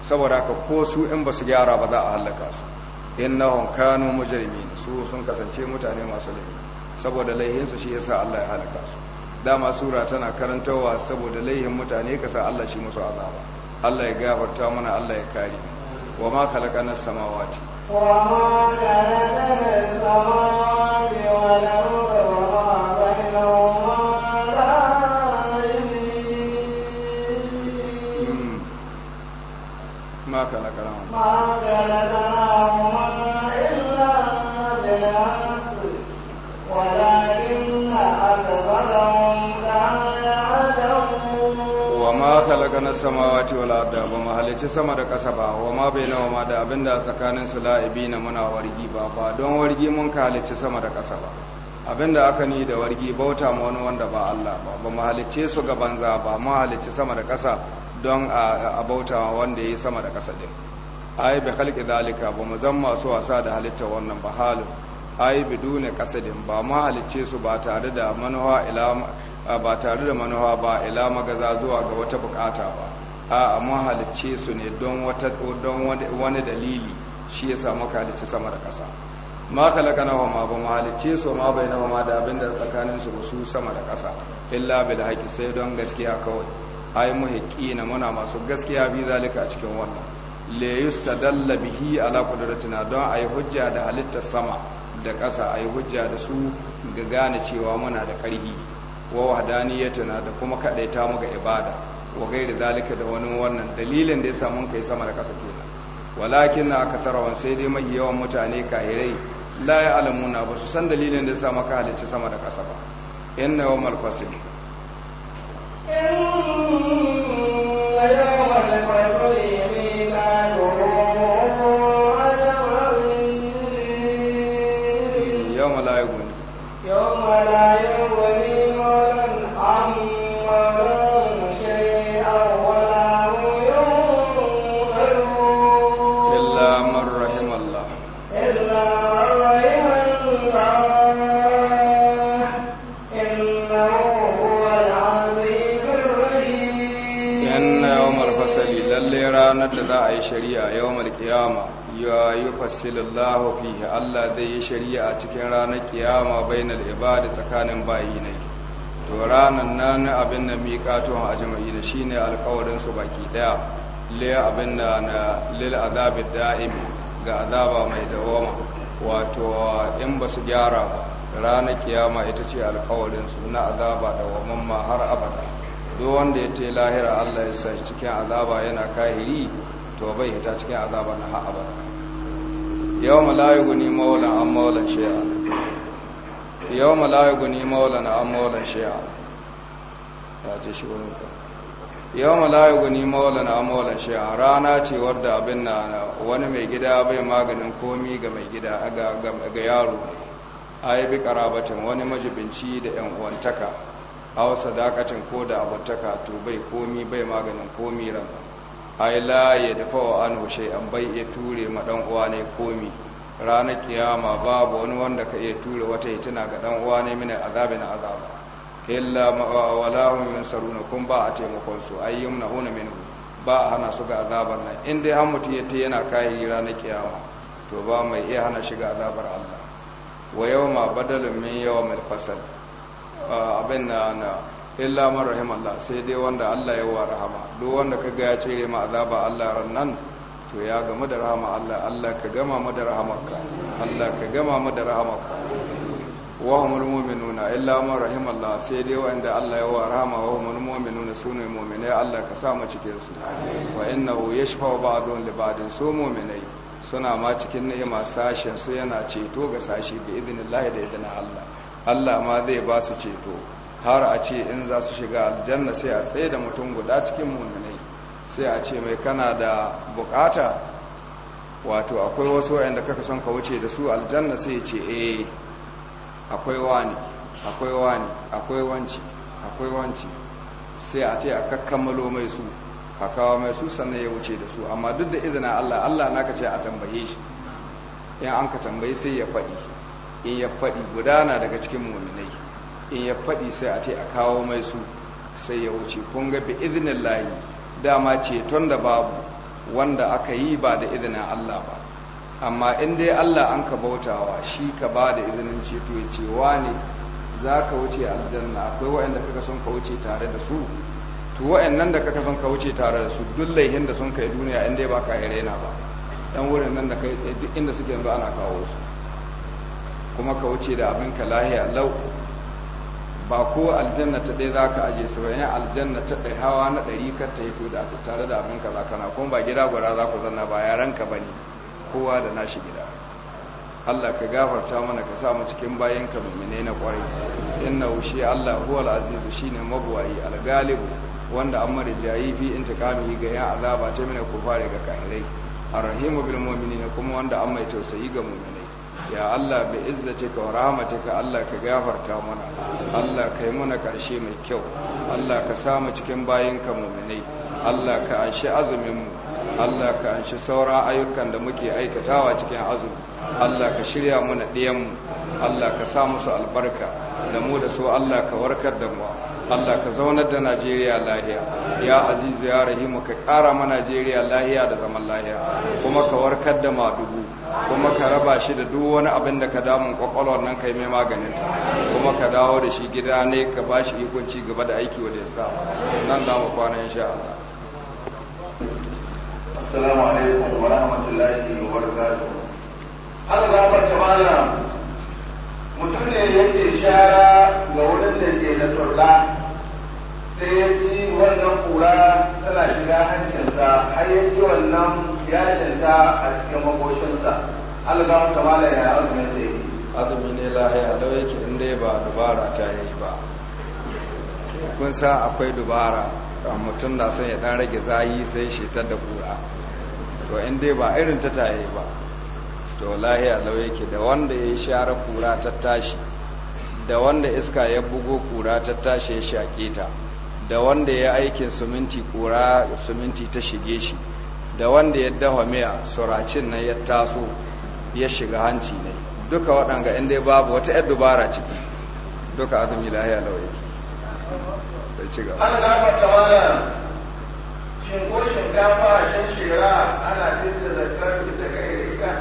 saboda ka ko su in ba su gyara ba za a halaka su innahum kanu mujrimin su sun kasance mutane masu laifi saboda laihinsu shi yasa Allah ya halaka su dama sura tana karantarwa saboda laihin mutane ka sa Allah shi musu azaba Allah ya gafarta mana Allah ya kare wa ma khalaqana samawati wa ma khalaqana samawati wal arda wa ma bainahuma ما خلقناهما ما خلقناهما إلا بالحق ولكن أكثرهم wa ma na samawati wala da ba mu halice sama da ƙasa ba wa ma bai nawa ma da abinda tsakanin su la'ibi na muna wargi ba ba don wargi mun ka halice sama da ƙasa ba abinda aka ni da wargi bauta ma wani wanda ba Allah ba ba mu halice su ga banza ba mu halice sama da ƙasa don a bauta wanda ya yi sama da ƙasa din ai bi khalqi zalika ba mu zan masu wasa da halitta wannan ba halu ai bidune qasadin ba mu halice su ba tare da manuwa ila ba tare da manuwa ba ila magaza zuwa ga wata bukata ba a amma halicce su ne don wani dalili shi ya samu halicce sama da ƙasa ma kalaka nawa ma ba su ma bai na ma da abin da tsakanin su su sama da ƙasa illa bil haƙi sai don gaskiya kawai ai muhiqqi na muna masu gaskiya bi zalika a cikin wannan le yustadalla bihi ala qudratina don ai hujja da halitta sama da ƙasa ai hujja da su ga gane cewa muna da ƙarfi wa wahdaniyatina da kuma kadaita mu ga ibada wa da zalika da wani wannan dalilin da ya samu kai sama da kasa kenan walakin na aka tarawa sai dai mai yawan mutane kahirai la ya alamuna ba su san dalilin da ya samu ka halicci sama da kasa ba inna yawmal yau inna يوم لا يغني يوم لا يغني a yi shari'a yau malkiyama ya yi fasilillahu fihi Allah zai yi shari'a cikin ranar kiyama da ibada tsakanin bayi ne to ranar nan abin da miƙatuwan ajma'i da shi ne alkawarinsu baki ɗaya le abin da na lil azabin da'imi ga azaba mai dawama wato in ba su gyara ba ranar kiyama ita ce alkawarinsu na azaba dawamamma har abada duk wanda ya ta lahira Allah ya sa cikin azaba yana kahiri to bai hita cikin azaba na ha abada yau malayu guni maulan an maulan shi'a yau malayu guni maulan an maulan shi'a ya ce shi wani ka yau malayu guni maulan an maulan shi'a rana ce wadda abin na wani mai gida bai maganin komi ga mai gida ga yaro a yi bi karabatin wani majibinci da yan uwantaka a wasa dakacin ko da abuntaka to bai komi bai maganin komi ranar ai la ya dafa wa an an bai iya ture ma dan uwa ne komi ranar kiyama babu wani wanda ka iya ture wata tana ga dan uwa ne mini azabin azaba illa wala hum yansaruna kun ba a taimakon su na hunu minhu ba a hana su ga azabar nan in dai an mutu yace yana kai ranar kiyama to ba mai iya hana shi ga azabar Allah wa yawma badalun min yawmil fasal ah, abin na illa man rahimallah sai dai wanda Allah ya wa rahama duk wanda kaga ya ce ma azaba Allah rannan to ya gama da rahama Allah Allah ka gama mu da rahamarka Allah ka gama mu da rahamarka wa humul mu'minuna illa man rahimallah sai dai wanda Allah ya wa rahama wa humul mu'minuna sune mu'minai Allah ka sa mu cikin su wa innahu yashfa ba'dun li ba'din su mu'minai suna ma cikin ni'ima sashen su yana ceto ga sashi bi idnillahi da idnin Allah Allah ma zai ba su ceto har a ce in za su shiga aljanna sai a tsaye da mutum guda cikin munanai sai a ce mai kana da bukata wato akwai wasu wa'anda kaka son ka wuce da su aljanna sai ce eh akwai wani akwai wani akwai wanci akwai wanci sai a ce a kakkamalo mai su a kawo mai su sannan ya wuce da su amma duk da izina Allah Allah naka ce a tambaye shi in an ka tambaye sai ya faɗi in ya faɗi gudana daga cikin muminai in ya faɗi sai a ce a kawo mai su sai ya wuce kun ga bi izinin layi dama ceton da babu wanda aka yi ba da izinin Allah ba amma in dai Allah an ka bautawa shi ka ba da izinin ceto ya ce wane za ka wuce aljanna akwai waɗanda kaka son ka wuce tare da su to waɗannan da kaka son ka wuce tare da su duk laihin da sun kai duniya in dai ba ka irena ba dan wurin nan da kai tsaye duk inda suke yanzu ana kawo su kuma ka wuce da abin ka lahiya lau ba ko aljanna ta ɗaya za ka aje su ba yan aljanna ta ɗaya hawa na ɗari ka ta hito da tare da abin kaza kana kuma ba gida gura za ku zanna ba yaran ka bane kowa da nashi gida Allah ka gafarta mana ka sa mu cikin bayan ka mu'mine na kwarai inna shi Allah huwal azizu shine magwayi al-galibu wanda an da jayi fi intiqami ga ya azaba ta mina kufare ga kahirai ar-rahimu bil mu'minina kuma wanda an mai tausayi ga mu'minai ya Allah bi izzatika wa rahmatika Allah ka gafarta mana Allah ka yi mana ƙarshe mai kyau Allah ka samu cikin bayinka mu'minai Allah ka anshi azumin mu Allah ka anshi sauran ayyukan da muke aikatawa cikin azumi Allah ka shirya mana ɗiyan mu Allah ka sa musu albarka da mu da su Allah ka warkar da mu Allah ka zaunar da Najeriya lahiya ya azizu ya rahimu ka ƙara ma Najeriya lahiya da zaman lahiya kuma ka warkar da dubu. kuma ka raba shi da duk wani abin da ka damun kwakwalwar nan kai mai maganin ta kuma ka dawo da shi gida ne ka ba shi ikon ci gaba da aiki wa da ya sa nan za mu kwana insha Allah assalamu alaikum wa rahmatullahi wa barakatuh Allah za ka malam mutum ne yake shara ga wurin da ke da turla sai ya ci wannan kura tana shiga hancinsa har ya ci wannan ya danta a cikin makoshinsa algamu ta mala ya azumin sa yake azumin ne lahiya lau yake in dai ba dubara ta yi ba kun sa akwai dubara mutum na son ya dan rage zayi sai shetar da kura to in dai ba irin ta ta yi ba to lahiya lau yake da wanda ya share kura ta tashi da wanda iska ya bugo kura ta tashi ya shaƙe ta da wanda ya aikin suminti kura suminti ta shige shi da wanda ya dafa miya suracin nan ya taso ya shiga hanci ne duka waɗanga in dai babu wata yar dubara ciki duka azumi lahiya lawa yake bai ci gaba an gafarta mana shin ko shinkafa shin shira ana fitta zakar daga ita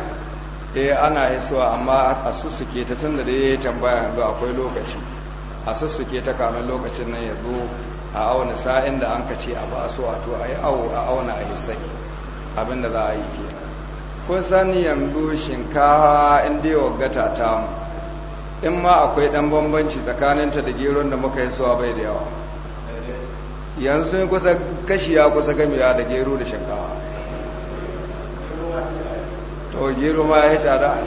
eh ana hisuwa amma a sussuke ta tunda da yayi tambaya yanzu akwai lokaci a sussuke ta kamar lokacin nan ya zo a auna sa'in da an kace ce a ba so a to a yi awo a auna a hisai abin da za a yi ke kun sani yanzu shinkawa inda ya waggata ta mu in ma akwai ɗan bambanci tsakaninta da geron da muka yi suwa bai da yawa yanzu sun kusa kashiya kusa gamiya da gero da shinkawa to gero ma ya tsada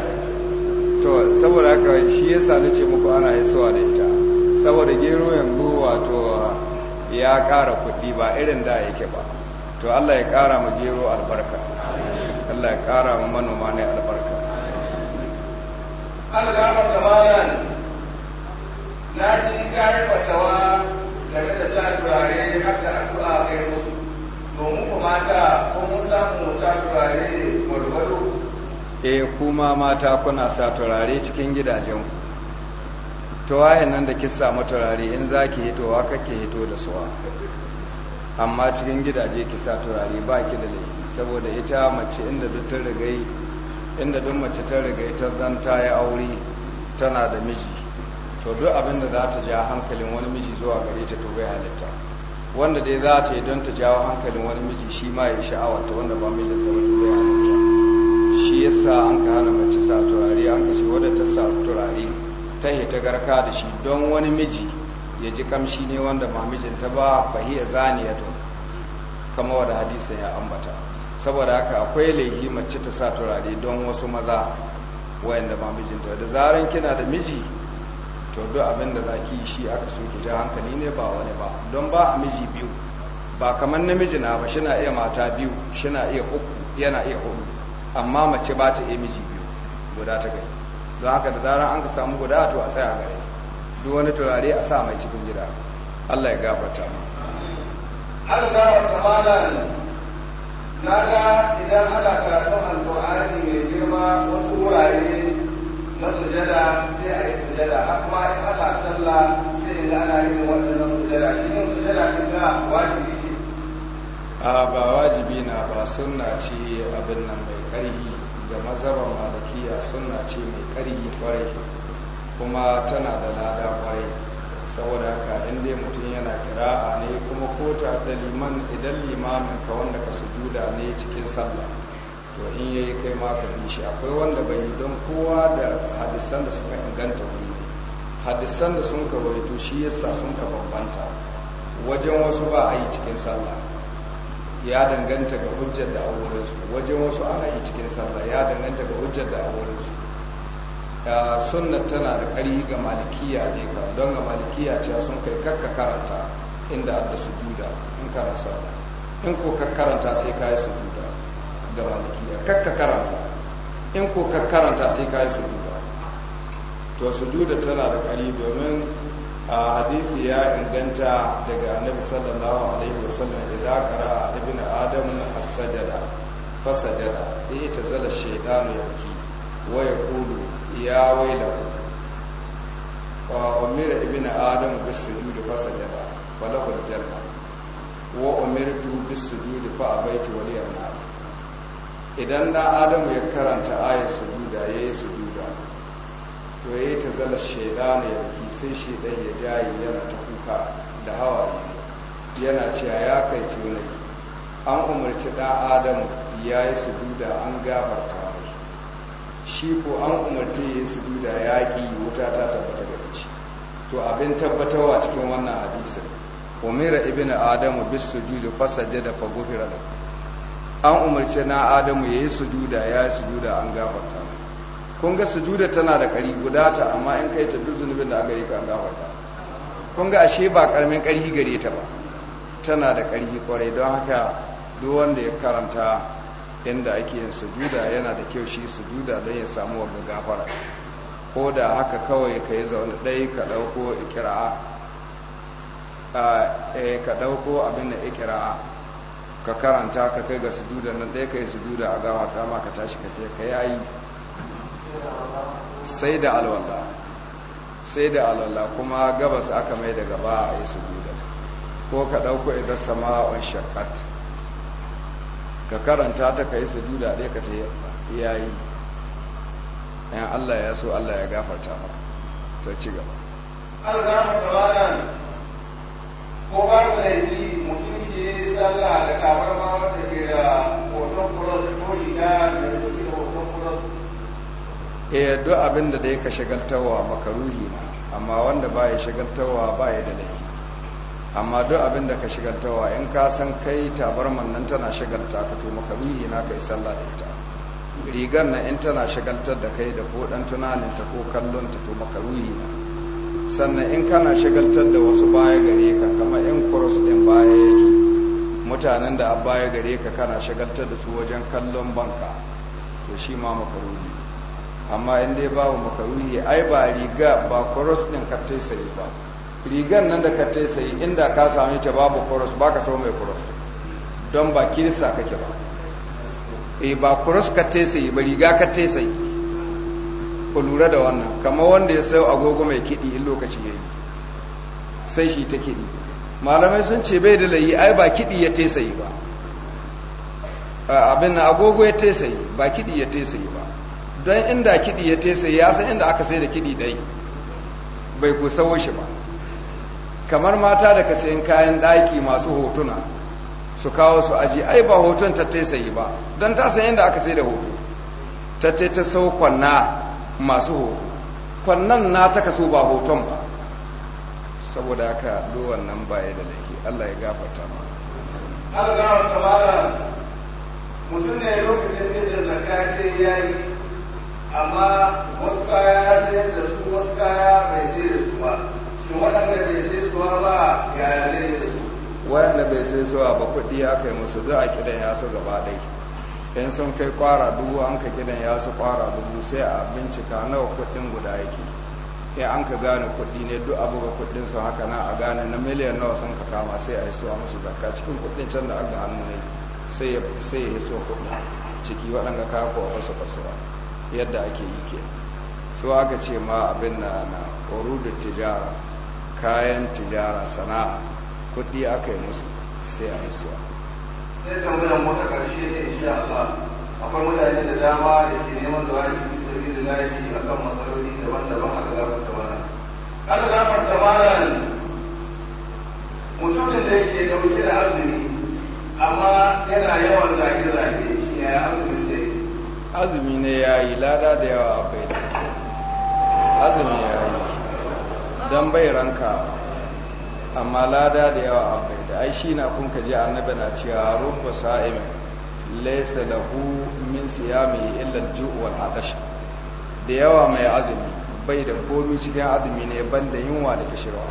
to saboda haka shi ya sani ce muku ana yi suwa da ita saboda gero yanzu wato ya ƙara kuɗi ba irin da yake ba to Allah ya ƙara mu gero albarka Allah ya ƙara mu manoma ne albarka Allah ya ƙara malam na ji kare fatawa game da sa turare har da addu'a kai musu domin ku mata ko mun samu mu sa turare gwargwado eh kuma mata kuna sa turare cikin gidajenku to wayan nan da kissa turare in za zaki hitowa kake hito da suwa amma cikin gidaje ki sa turare ba ki da laifi saboda ita mace inda duk ta riga inda duk mace ta riga ta zan ta yi aure tana da miji to duk abin da za ta ja hankalin wani miji zuwa gare ta to bai halitta wanda dai za ta yi don ta jawo hankalin wani miji shi ma ya sha'awa ta wanda ba mijin ta wato bai halitta shi yasa an ka hana mace sa turare an ka ce wadda ta sa turare ta hita garka da shi don wani miji ya ji kamshi ne wanda ba mijinta ba ya zaniyatun kama wada hadisa ya ambata saboda haka akwai laifi mace ta sa turare don wasu maza wayanda ba mijinta da zaran kina da miji to duk abin da zaki shi aka so ki ji hankali ne ba wani ba don ba a miji biyu ba kamar namiji na ba shina iya mata biyu shina iya uku yana iya hudu amma mace ba ta iya miji biyu guda ta gani don haka da zaran an ka samu guda to a tsaya gare duk wani turare a sa mai cikin gida Allah ya gafarta mu har za a kamalan na ga idan ana karatun alƙur'ani mai girma wasu wurare na sujada sai a yi sujada amma kuma in ana sallah sai in ana yin waɗannan sujada shi ne sujada ce ta wajibi ce a ba wajibi na ba sunna ce abin nan mai ƙarfi ga mazhabar malikiya sunna ce mai ƙarfi kwarai kuma tana da lada kwarai saboda haka in dai mutum yana kira'a ne kuma ko ta da liman idan limamin ka wanda ka sujuda ne cikin sallah to in yayi kai ma ka bi shi akwai wanda bai yi don kowa da hadisan da suka inganta wuri hadisan da sun ka to shi yasa sun ka bambanta wajen wasu ba a yi cikin sallah ya danganta ga hujjar da a wajen wasu ana yi cikin sallah ya danganta ga hujjar da a wurinsu sunna tana da ƙari ga malikiya ne ka don ga malikiya ce sun kai kakka karanta inda adda su juda in karanta in ko ka karanta sai ka yi su juda ga malikiya kakka karanta in ko ka karanta sai ka yi su juda to su juda tana da ƙari domin a hadithi ya inganta daga annabi sallallahu alaihi wasallam idan kara ibn adam as-sajada fasajada ita eh, zala shaytanu yaki wa yaqulu ya waila wa umira ibn adam bisujudi fasajada falahu aljanna wa umirtu bisujudi fa abaitu wa liya nar idan da adam ya karanta ayat sujuda yayi sujuda to yayi ta zala shaydan ya ki sai shaydan ya jayi yana ta kuka da hawa yana cewa ya kai tunai an umarci da adam yayi sujuda an gafarta shi ko an umarce ya su duda yaƙi wuta ta tabbata da shi to abin tabbatarwa cikin wannan hadisin umira ibn adamu bis sujudi fasajjada fa ghufira lahu an umarce na adamu ya yi sujuda ya yi sujuda an gafarta kun ga sujuda tana da ƙari guda ta amma in kai ta duk zunubin da aka yi ka an gafarta kun ga ashe ba ƙaramin ƙarfi gare ta ba tana da ƙarfi kwarai don haka duk wanda ya karanta inda ake yin sujuda yana da kyau shi sujuda don ya samu wadda gafara ko da haka kawai ka yi zaune ɗai ka ɗauko ikira'a eh, ka ɗauko abin da ikira'a ka karanta ka kai ga sujuda nan ɗai ka yi sujuda a gawa ta ma ka tashi ka ka yayi sai da alwala sai da alwala kuma gabas aka mai da gaba a yi sujuda ko ka ɗauko idan sama'un shakkat ka karanta ta ka yi sujuda ɗaya ka ta yayi in Allah ya so Allah ya gafarta maka to ci gaba an gama tawanan ko ba mu da yi mutum ke sallah da kamar ma wanda ke da hoton kuros ko riga da rubutu da hoton kuros eh duk abin da dai ka shagaltawa makaruhi na amma wanda ba ya shagaltawa ba ya da laifi amma duk abin da ka shigaltawa in ka san kai tabarman nan tana shigalta ka to makaruhi na kai sallah da ita rigar na in tana shigaltar da kai da ko dan tunanin ta ko kallon ta to makaruhi na sannan in kana shigaltar da wasu baya gare ka kamar in cross din baya yake mutanen da baya gare ka kana shigaltar da su wajen kallon banka to shi ma makaruhi amma in dai babu makaruhi ai ba riga ba cross din ka tai sai ba rigan nan da ka ta sai inda ka same ta babu kuros ba ka sami mai kuros don ba kirista kake ba e ba kuros ka ta sai ba riga ka ta sai ku lura da wannan kama wanda ya sayo agogo mai kiɗi in lokaci ya yi sai shi ta kiɗi malamai sun ce bai da layi ai ba kiɗi ya ta sai ba ah, abin na agogo ya ta sai ba kiɗi ya ta sai ba don inda kiɗi ya ta sai ya san inda aka sai da kiɗi dai bai sawo shi ba kamar mata da ka kayan ɗaki masu hotuna su kawo su aji ai ba hoton ta ta sayi ba don ta san yadda aka sai da hoto ta ta ta sau kwanna masu hoto kwannan na ta kaso ba hoton ba saboda haka lowar nan baya da laifi Allah ya gafarta ma Allah ya gafarta mutum ne lokacin da ke ya yi amma wasu kaya sayar da su wasu kaya bai sayar da su ba wayanda bai sai zuwa ba kuɗi aka yi musu za a kidan ya su gaba ɗai in sun kai kwara dubu an ka kidan ya su kwara dubu sai a bincika nawa kuɗin guda yake in an ka gane kuɗi ne duk abu ga kuɗin su haka na a gane na miliyan nawa sun ka kama sai a yi su a musu zakka cikin kuɗin can da aka hannu ne sai ya hiso kuɗi ciki waɗanda ka ko a wasu kasuwa yadda ake yi ke su aka ce ma abin na na tijara kayan tijara sana'a kuɗi aka yi musu sai a yi suwa sai tambayar mota karshe ya ce insha Allah akwai mutane da dama da ke neman da wani bisirri da lafi a kan matsaloli daban-daban a gafar da mana an gafar da mana mutumin da yake ɗauke da azumi amma yana yawan zage-zage shi ne ya azumi sai azumi ne ya yi lada da yawa a bai azumi ya yi don bai ranka amma lada da yawa akwai da ai shi na kun kaji annabi na cewa rubu sa'im laysa lahu min siyami illa al-ju' wal atash da yawa mai azumi bai da komi cikin azumi ne banda yunwa da kishirwa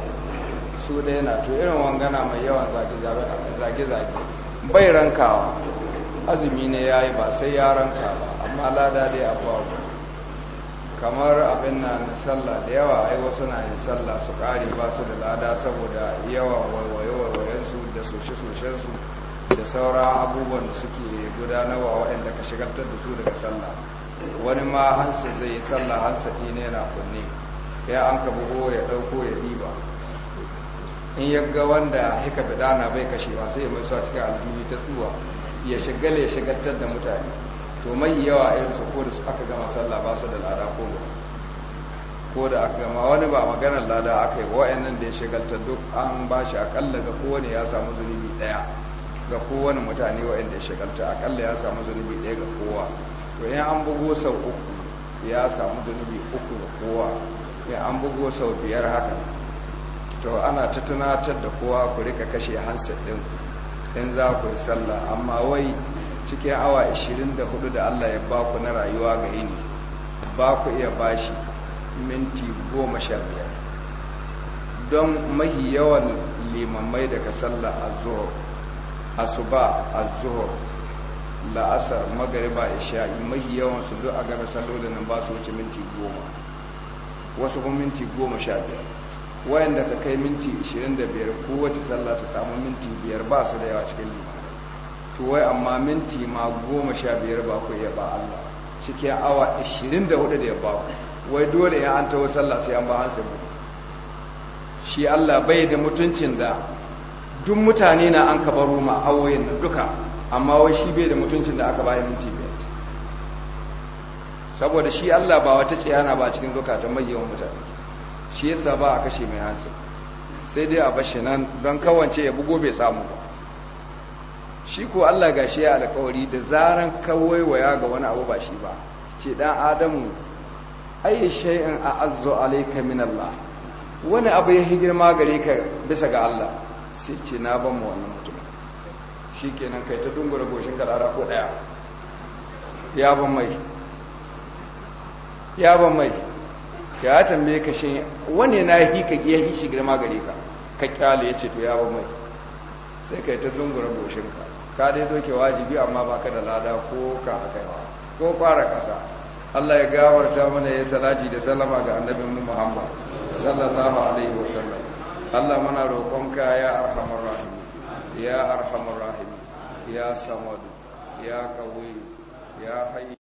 su da yana to irin wangana mai yawan zage zage bai rankawa azumi ne yayi ba sai ya ranka ba amma lada dai abuwa kamar abin na sallah da yawa ai wasu na yin sallah su kare, ba su da lada saboda yawan waiwaye da soshe-soshensu da sauran abubuwan da suke gudanarwa waɗanda ka shigartar da su daga sallah wani ma hansa zai yi sallah hansa ne yana kunne ya an ka bugo ya ɗauko ya ɗiba in ya ga wanda hika bidana bai kashewa sai ya mai sa cikin aljihu ta tsuwa ya shigale ya shigartar da mutane to mai yawa irin su ko da su aka gama sallah ba su da lada ko ba ko da aka gama wani ba maganar lada aka yi nan da ya shagaltar duk an ba shi akalla ga kowane ya samu zunubi daya ga kowane mutane wa'yan da ya shagalta akalla ya samu zunubi daya ga kowa to in an bugo sau uku ya samu zunubi uku ga kowa in an bugo sau biyar haka to ana ta tunatar da kowa ku rika kashe hansa ɗin in za ku yi sallah amma wai cikin awa 24 da Allah ya ba ku na rayuwa ga yini ba ku iya bashi minti goma sha biyar don mahi yawan limammai daga sallah azuhur asuba zuhur la'asar magariba isha'i mahi yawan su duk a gaba sallolin nan ba su wuce minti goma wasu kuma minti goma sha biyar wayanda ta kai minti 25 ko wace sallah ta samu minti biyar ba su da yawa cikin liman to wai amma minti ma goma sha biyar ba ku iya ba Allah cikin awa ashirin da hudu da ya ba ku wai dole ya an tawo sallah sai an ba an sabu shi Allah bai da mutuncin da duk mutane na an kaba ruma awoyin na duka amma wai shi bai da mutuncin da aka ba minti biyar saboda shi Allah ba wata tsayana ba cikin duka mai yawan mutane shi yasa ba a kashe mai hansu sai dai a bashi nan don kawance ya bugo bai samu ba shi ko Allah ga shi ya alkawari da zaran kawai waya ga wani abu ba shi ba ce dan adamu ayi shay'in a'azzu alayka min Allah wani abu ya girma gare ka bisa ga Allah sai ce na ban mu wannan mutum shikenan kai ta dungura goshin kalara ko daya ya ban mai ya ban mai ya tambaye ka shin wani na yi ka ya yi shi girma gare ka ka kyale ya ce to ya ban mai sai kai ta dungura goshin ka ka dai doke wajibi amma baka da lada ko ka yawa. ko fara kasa Allah ya gawarta mana ya salati da salama ga annabin Muhammad sallallahu alaihi wasallam Allah muna roƙonka ya arhamar rahim ya arhamar rahim ya samad ya qawi ya hayy